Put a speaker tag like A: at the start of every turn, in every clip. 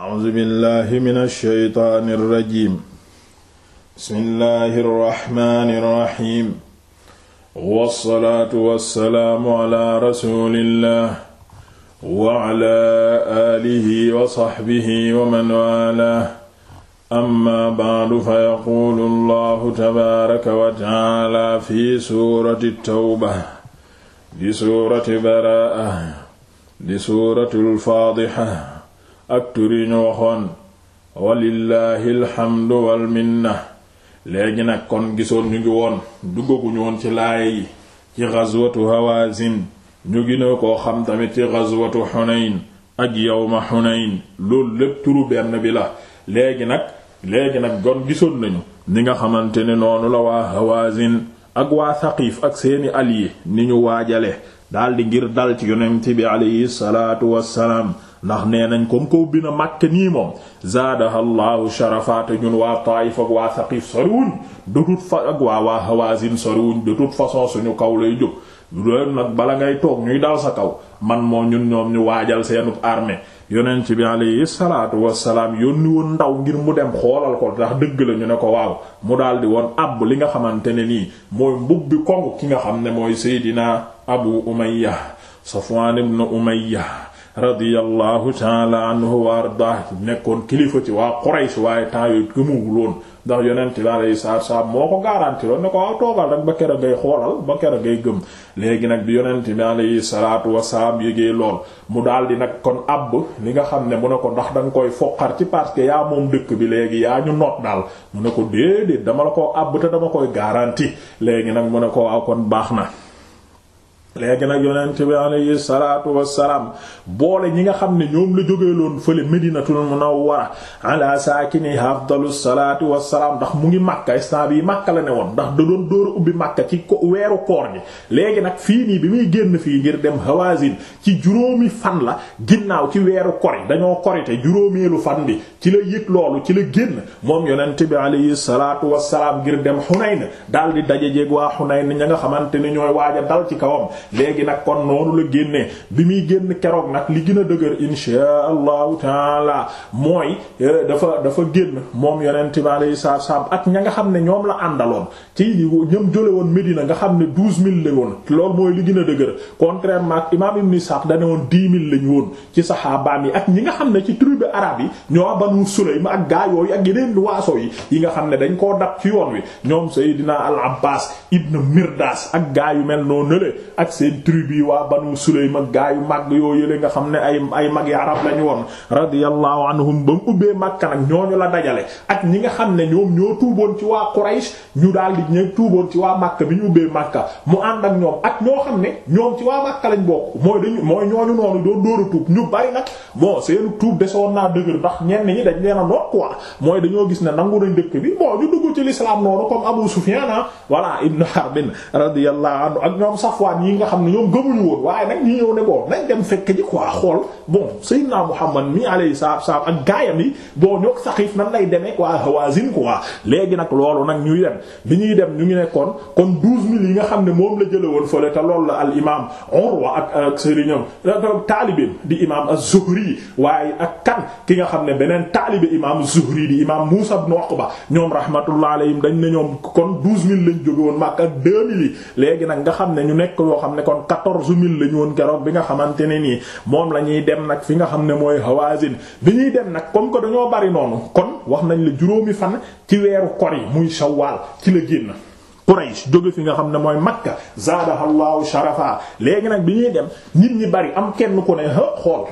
A: a'uuzu billahi mina shaytaani rajiim bismillahi rahmaani rahiim wassalaatu wassalaamu ala rasulillah wa ala alihi wa sahbihi wa man waalaahu amma ba'du fa yaquulu allahu tabaaraka wa ta'aala fi suurati tawba di suurati baraa'a di suuratul faadiha ak tur ñu waxoon walillahi alhamdu wal minna léegi nag kon gisoon ñu ngi woon duggaguñu woon ci laaya yi ci ghazwatu hawazin ñu gina koo xam tamit ci ghazwatu xunayn ak yawma xunayn loolu lépp turu benn bi la léegi nag léegi nag gon gisoon nañu ni nga xamante ne noonu la waa hawazin ak waa thaqif ak seeni alliés ni ñu waajale daldi ngir dal ci yonent bi aleyhi salaatu wassalaam ndax nee nañ comme ko ubbi na Makka nii moom zaadaha llahu sharafaate ñun waa Taayif ak waa Saqiif soriwuñ du toute fa ak suñu kaw lay jóg loolu nag bala ngay toog ñuy dal sa kaw man moo ñun ñoom ñu waajal seenub armée yonent bi alayhi salaatu wassalaam yónni woon ndaw ngir mu dem xoolal ko ndax dëgg la ñu ne ko waaw mu daldi woon àbb li nga xamante ne nii mooy mbub bi kong ki nga xam ne mooy Seydina Abu Umayya Safwan ibn Umayya radiyallahu ta'ala anhu wa nekkoon kilifa ci waa Quraysh waaye temps yooyu gëmuwul woon ndax yonent bi alayhi salaatu salaam moo ko garanti loon ne ko waaw toogal rek ba kera ngay xoolal ba kera ngay gëm léegi nag bi yonent bi alayhi salaatu wasalaam yégee lool mu daal di nag kon àbb li nga xam ne mu ne ko ndax danga koy foqar ci parce que yaa moom dëkk bi léegi yaa ñu noot daal mu ne ko déedéet dama la ko àbb te dama koy garanti léegi nag mu ne ko waaw kon baax na léegi nag yonent bi alayhi salaatu wassalaam boole ñi nga xam ne ñoom la jógeeloon fële medinatul munawwara ala saakini afdalu salaatu wassalaam ndax mu ngi makka instant yi makka la ne woon ndax da doon dóor ubbi makka ci weeru koor gi léegi nag fii nii bi muy génn fii ngir dem hawazin ci juróomi fan la ginnaaw ci weeru kori dañoo korite juróomeelu fan bi ci la yëg loolu ci la génn moom yonent bi alayhi salaatu wassalaam ngir dem Hunayn daal di daje jeeg waa Hunayn ña nga xamante ne ñooy waaja dal ci kawam léegi nag kon noonu la génne bi muy génn keroog nag li gën a dëgër inshaa allahu taala mooy eh, dafa dafa génn moom yonent bi alayhi salaatu wassalaam ak ña nga xam ne ñoom la àndaloon ci ñoom jole woon Medina nga xam ne douze mille la woon loolu li gën a dëgër contrairement ak imaam Ibn Sa'd da ne woon dix mille lañu woon ci saxaabaam yi ak ñi nga xam ne ci tribu arab yi ñoo Abu Sulaym ak gaa yooyu ak yeneen waaso yi yi nga xam ne dañ koo dab ci yoon wi ñoom Seydina Al Abbas ibn Mirdas ak gaa yu mel noo nële ak seen tribu waa Banu Sulaym ak gaa yu mag yoo yële nga xam ne ay ay mag yi arab lañu woon radiyallahu anhum ba mu ubbee Makka nag ñooñu la dajale ak ñi nga xam ne ñoom ñoo tuuboon ci waa Quraysh ñu daal di ñëw tuuboon ci waa Makka bi ñu ubbee Makka mu ànd ak ñoom ak ñoo xam ne ñoom ci waa Makka lañ bokk mooy dañu mooy ñooñu noonu doon dóor a ñu bari nag bon seen tuub desoon naa dëgër ndax ñenn ñi yi dañ leen a noot quoi mooy dañoo gis ne nangu nañ dëkk bi bon ñu dugg ci l'islam noonu comme Abu Sufyan ah voilà Ibn Harb radiyallahu anhu ak ñoom Safwan yi nga xam ne ñoom gëmuñu woon waaye nag ñi ñëw ne bon nañ dem fekk ji quoi ñuy dem bi ñuy dem ñu ngi nekkoon kon douze mille yi nga xam ne moom la jëlee woon fële te loolu la al imaam Urwa ak ak sëriñam euh, taalibeem di imaam az waaye ak kan ki nga xam ne beneen taalibe imaam Zuhri di imaam Muusa ibn Uqba ñoom rahmatullah alayhim dañ ne ñoom kon douze mille lañ jóge woon Makka ak deux mille yi léegi nag nga xam ne ñu nekk yoo xam ne kon quatorze mille lañu woon keroog bi nga xamante ne nii moom la ñuy dem nag fi nga xam ne mooy Hawazin bi ñuy dem nag comme que dañoo bari noonu kon wax nañ la juróomi fan ci weeru kor yi muy Shawwal ci la génn. Quraysh jóge fi nga xam ne mooy Makka zaadahallahu sharafa léegi nag bi ñuy dem nit ñi bari am kenn ku ne xool.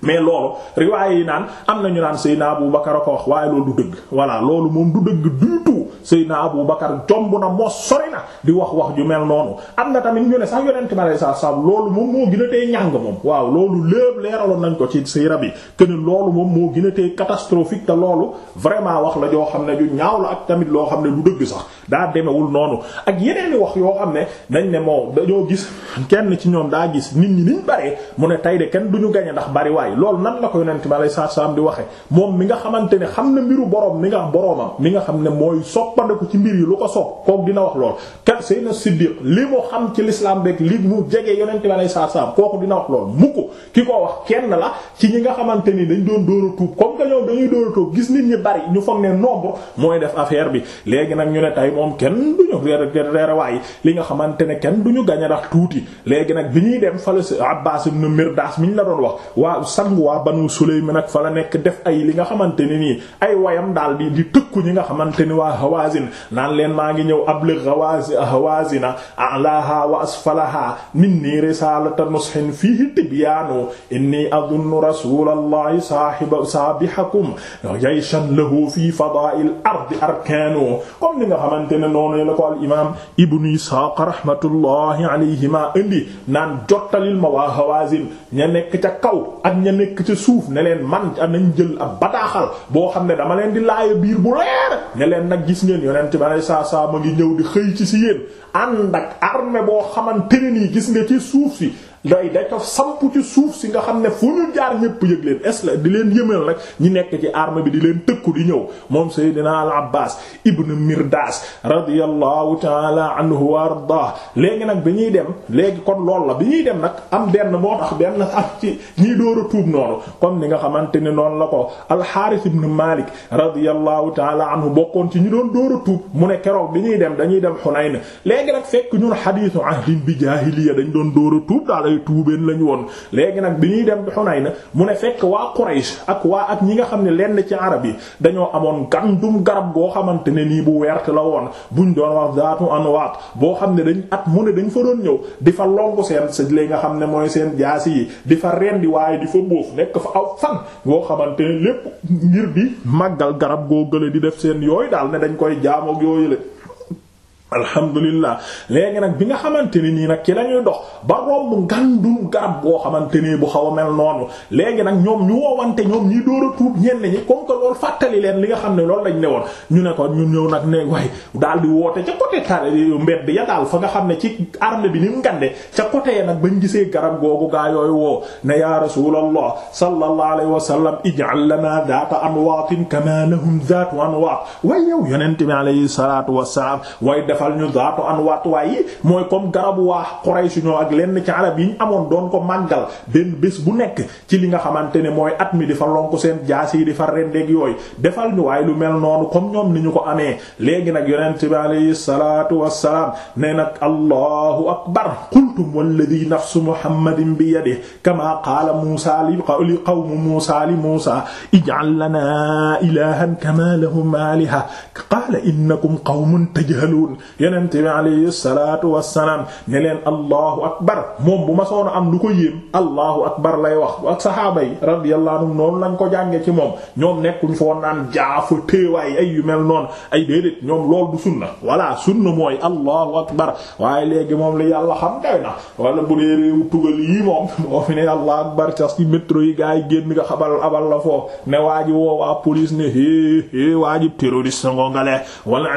A: mais loolu riwaaye yi naan am na nañu naan naa Abu Bakar ko wax waaye loolu du dëgg voilà loolu moom du dëgg du tout naa Abu Bakar jomb na moo sori na di wax wax ju mel noonu am na tamit ñu ne sax yonent bi alayhi salaam loolu moom moo waaw loolu lépp leeraloon nañ ko ci siira bi que ne loolu moom moo gën a te loolu vraiment wax la joo xam ne ju ñaaw la ak tamit loo xam ne du dëgg sax daa demewul noonu ak yeneen wax yoo xam ne dañ ne moo dañoo gis kenn ci ñoom daa gis nit ñi niñ baree mu ne tey de kenn duñu gañe ndax bari waay bàyyi loolu nan la ko yonent bi alayhi salaatu salaam di waxe moom mi nga xamante ne xam na mbiru boroom mi nga boroomam mi nga xam ne mooy soppandeku ci mbir yi lu ko sopp kook dina wax lool kat Seydina Siddiq li mu xam ci l'islam rek li mu jege yonent bi alayhi salaatu salaam kooku dina wax lool mukk ki ko wax kenn la ci ñi nga xamante ni dañ doon dóor a tuub comme que ñoom dañuy dóor tuub gis nit ñi bari ñu foog ne nombre mooy def affaire bi léegi nag ñu ne tay moom kenn du ñu reer reer li nga xamante ne kenn du ñu gañ a ndax tuuti léegi nag bi ñuy dem fale Abbaas ibn Mirdaas mi ñu la doon wax sangu waa banu Sulaym nag fa la nekk def ay li nga xamante ne nii ay wayam daal di di tëkku ñi nga xamante ni waa Hawazin naan leen maa ngi ñëw abligh Hawazina a'laha wa asfalaha minni risalata nushin fihi tibyanu inni adunnu rasulallahi sahiba sabihakum jayshan lahu fi fada'il ardi arkanu comme ni nga xamante ne noonu la ko al imam ibnu Ishaq rahmatullahi alayhima indi naan jottalil ma waa Hawazin ña nekk ca kaw ak ña nekk ca suuf neleen man a nañ jël ab bataaxal boo xam ne dama leen di laaya biir bu leer ne leen nag gis ngeen yonent ba ne saa saa ma ngi ñëw di xëy ci si yéen ànd ak armée boo xamante ne nii gis nga ci suuf si day day ko samp ci suuf si nga xam ne fu ñu jaar ñëpp yëg leen est di leen yëmal nag ñi nekk ci arme bi di leen tëkku di ñëw moom Seydina al Abbas ibn Mirdas radiyallahu taala anhu wa ardah léegi nag bi ñuy dem léegi kon lool la bi ñuy dem nag am benn moo tax benn am ci ñiy door a tuub noonu comme ni nga xamante ne noonu la ko al Harith ibn Malik radiyallahu taala anhu bokkoon ci ñu doon door a mu ne keroog bi ñuy dem dañuy dem Hunayn léegi nag fekk ñun hadithu ahdin bi jahiliya doon door ay tuubeen lañ woon léegi nag bi ñuy dem bi na mu ne fekk waa Quraysh ak waa ak ñi nga xam ne lenn ci arab yi dañoo amoon gandum garab goo xamante ne nii bu wert la woon buñ doon wax zaatu anwaat boo xam ne dañ at mu ne dañ fa doon ñëw di fa longu seen sa li nga xam ne mooy seen jaasi yi di fa rendi waaye di fa bóof nekk fa aw fan goo xamante ne lépp ngir di màggal garab goo gële di def seen yooyu daal ne dañ koy jaamook yooyu la alhamdulillah léegi nag bi nga xamante ni nii nag ci la ñuy dox ba romb ngandum garab boo xamante ni bu xaw a mel noonu léegi nag ñoom ñu woowante ñoom ñi door a tuub ñenn ñi comme que loolu fàttali leen li nga xam ne loolu lañ ne woon ñu ne ko ñu ñëw nag ne waaye daal di woote ca côté tare mbedd ya daal fa nga xam ne ci armée bi ni mu ngande ca côté ya nag bañ gisee garab googu gaa yooyu woo ne ya rasulallah sallallahu alayhi wa sallam ij'al lana dhata anwaatin kama lahum dhatu defal ñu zaatu an waatuwaay yi mooy comme garabu waa Quraysh ñoo ak lenn ci arab yi ñu amoon doon ko màggal benn bés bu nekk ci li nga xamante ne mooy at mi di fa lonk seen jaas yi di fa rendeeg yooyu defal ñu waaye lu mel noonu comme ñoom ni ñu ko amee léegi nag yonent bi alayhi salaatu wassalaam ne nag allahu akbar qultum walladhi nafsu muhammadin bi yadihi kama qaala muusa li qawmi muusa li muusa ij'al lana ilahan kama lahum aliha qaala innakum qawmun tajhalun yonent bi alayhi salaatu wassalaam ne leen allahu akbar moom bu ma soona am du ko yéem allahu akbar lay wax ak saxaaba yi radiyallahu anhum noonu lañ ko jànge ci moom ñoom nekkuñ foon naan jaafa téewaay ay yu mel noon ay déedéet ñoom lool du sunna walla sunna mooy allahu akbar waaye léegi moom li yàlla xam day na wala bu dee réew tugal yi moom moo fi ne allahu akbar ca ci métro yi gaa génn nga xabal abal la foofu ne waa ji woo waa police ne hé hé waa ji terroriste ngongale walla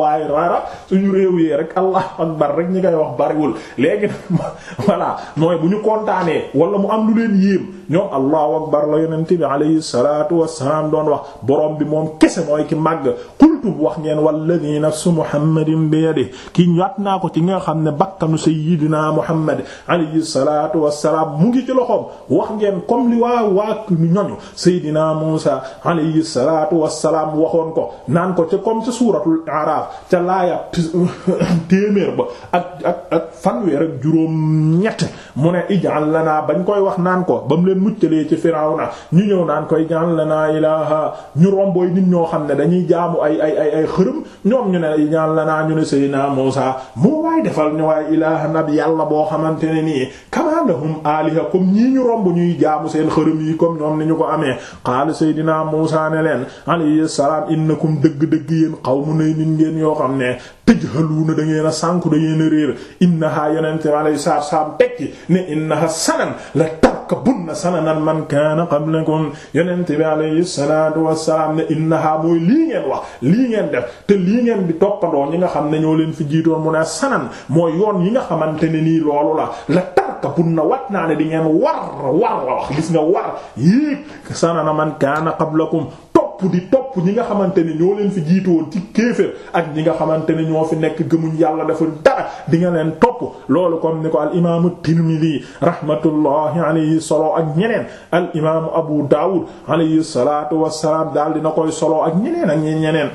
A: w dara suñu réew yee rek allahu akbar rek ñi koy wax bariwul léegi nag mooy bu ñu kontaanee wala mu am lu leen yéem ñoom allahu akbar la yonent bi alayhi salaatu wassalaam doon wax borom bi moom kese mooy ki màgg kultub wax ngeen walladhi nafsu muhammadin bi yadihi ki ñaat naa ko nga xam ne bakkanu sayyidina muhammad alayhi salaatu wassalaam mu ngi ci loxoom wax ngeen comme li waa waa ñoñu sayyidina musa alayhi salaatu wassalaam waxoon ko naan ko ca comme ca suuratul araaf ca laaya téeméer ba ak ak ak fanweer ak juróom ñett mu ne ij'al lana bañ koy wax naan ko bam leen muccalee ci Firawna ñu ñëw naan koy jaan naa ilaaha ñu romboy nit ñoo xam ne dañuy jaamu ay ay ay ay xërëm ñoom ñu ne jaan lanaa ñu ne Seydina Muusaa moo waay defal ñu waay ilaaha nab yàlla boo xamante ne nii kamaa lahum aaliha comme ñii ñu romb ñuy jaamu seen xërëm yi comme ñoom ni ñu ko amee qaala Seydina Muusaa ne leen alayhi salaam innakum dëgg-dëgg yéen qawmun ay nit ngeen yoo xam ne tajhaluuna da ngeen a sànku da na a réer innahaa yonente alayhi salaam tekki ne innahaa sanan la tarkabunna sananan man kaana qablakum yonent bi alayhi salaatu wassalaam ne innaha mooy lii ngeen wax lii ngeen def te lii ngeen di toppandoo ñi nga xam ne ñoo leen fi jiitoon mu ne sanan mooy yoon yi nga xamante ne nii loolu la la tarkabunna wat naa ne di ngeen war war la wax gis nga war yii sanana man kaana qablakum topp di topp ñi nga xamante ne ñoo leen fi jiitoon ci kéefër ak ñi nga xamante ne ñoo fi nekk gëmuñ yàlla dafa dara di nga leen topp loolu comme ni ko al imaamu Tirmidi rahmatullahi alayhi solo ak ñeneen al imaamu Abu Dawud alayhi salaatu wassalaam daal dina koy solo ak ñeneen ak ñeneen.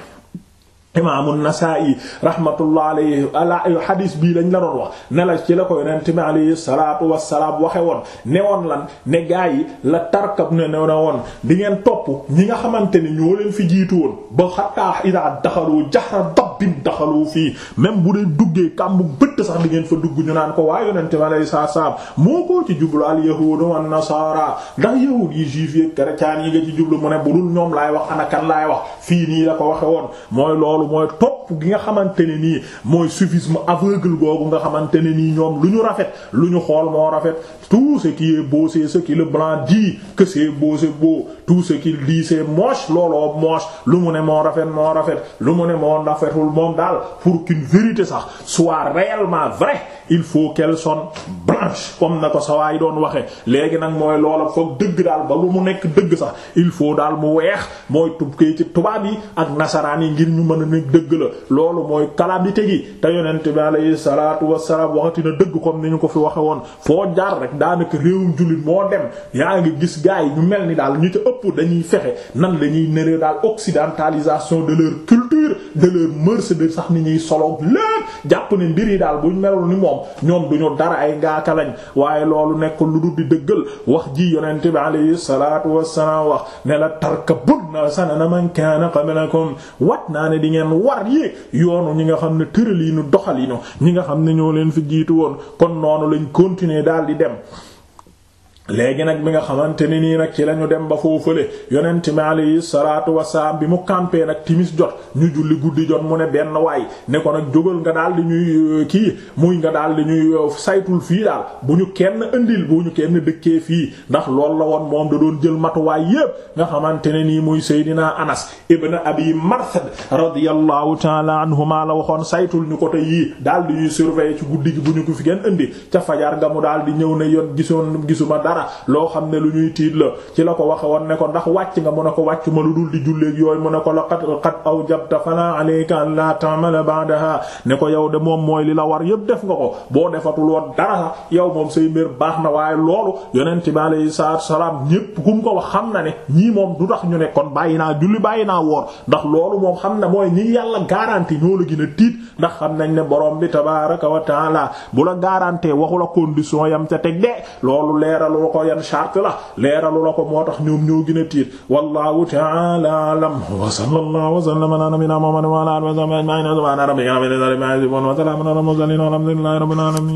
A: imaamu Nasaa'i rahmatullah alayhi ala hadis bii lañ la doon wax ne la ci la ko yonent bi alayhi salaatu wassalaam waxe woon ne woon lan ne gaa yi la tarkab ne ne woon di ngeen topp ñi nga xamante ne ñoo leen fi jiitu woon ba xataa idaa daxalu jahra rabbin daxalu fii même bu dee duggee kàmbu bëtt sax di ngeen fa dugg ñu naan ko waaye yonente ma lay saa saam moo ko ci jublu al yahudu wan nasara ndax yahud yi juif yi chrétien yi nga ci jublu mu ne bu dul ñoom laay wax ana kan laay wax fii nii la ko waxe woon mooy loolu mooy topp gi nga xamante ne nii mooy soufisme aveugle googu nga xamante ne nii ñoom lu ñu rafet lu ñu xool moo rafet tout ce qui est beau c'est ce qui le blanc dit que c'est beau c'est beau tout ce qu'il dit c'est lu mu ne moo rafet moo rafet lu mu moom daal pour qu'une vérité sax soit réellement vraie il faut qu'elle sonne blanche comme na ko sawaay doon waxee léegi nag mooy loola foog dëgg daal ba lu mu nekk dëgg sax il faut daal mu weex mooy tukkee ci tubaab yi ak nasaraan yi ngir ñu mën a nekk dëgg la loolu mooy calamité gi te yonent bi alayhi salaatu wassalaam waxatina dëgg comme ni ñu ko fi waxe woon foo jaar rek daanaka réewum jullit moo dem yaa ngi gis gars yi ñu mel ni daal ñu ci ëpp dañuy fexe nan la ñuy nëree daal occidentalisation de leur culture de leur mœurs sax ni ñuy solo lépp jàpp mbir yi daal buñ meloon ni moom ñoom du ñu dara ay ngaaka lañ waaye loolu nekkul lu du di dëggal wax ji yonent bi alayhi salaatu wassalaam wax ne la sa tarkabunna sanana man kaana qablakum wat naa ne di ngeen war yéeg yoonu ñi nga xam ne tëral yi nu doxal yi ñu ñi nga xam ne ñoo leen fi jiitu woon kon noonu lañ continuer daal di dem léegi nag mi nga xamante ni nii nag ci lañu dem ba foofale yonent mi alayhi salaatu wasalaam bi mu campé nag timis jot ñu julli guddi jot mu ne benn waay ne ko nag jógal nga daal di ñuy euh, kii muy nga daal di ñuy euh, saytul fii daal bu ñu kenn indil bu ñu kenn dëkkee fii ndax loolu la woon moom da doon jël matuwaay yépp nga xamante ne nii muy Seydina Anas ibn Abi Marsad radiyallahu taala anhuma la waxoon saytul ñu ko te yii daal di ñuy surveiller ci guddi gi bu ñu ko fi indi ca fajar ga mu daal di ñëw ne yoon gisoon gisuma dara loo xam ne lu ñuy tiit la ci la ko waxe wan ne ko ndax wàcc nga mu ne ko wàcc ma lu dul di julleeg yooyu mu a ko la qad qad aw jabta fala alayka an la ta'mala ba'daha ne ko yow de moom mooy li la war yëpp def nga ko boo defatul woon dara sax yow moom say mbir baax na waaye loolu yonent bi alayhi salaatu salaam ñépp ku ko wax xam na ne ñii moom du tax ñu ne kon bàyyi naa julli bàyyi naa woor ndax loolu moom xam na mooy ni yàlla garanti ñoo la gën a tiit nañ ne borom bi tabaaraka wa ta'ala bu la garanti waxu la condition yam ca teg de loolu leeralu leeralu ko yan charte la leeralu la ko moo tax ñoom ñoo gën a tiit wallahu ta'ala alam wa sallallahu wa sallama ala nabiyyina muhammadin wa ala alihi wa sahbihi ajma'in subhana rabbika rabbil izzati amma yasifun wa salamun ala al mursalin walhamdulillahi rabbil alamin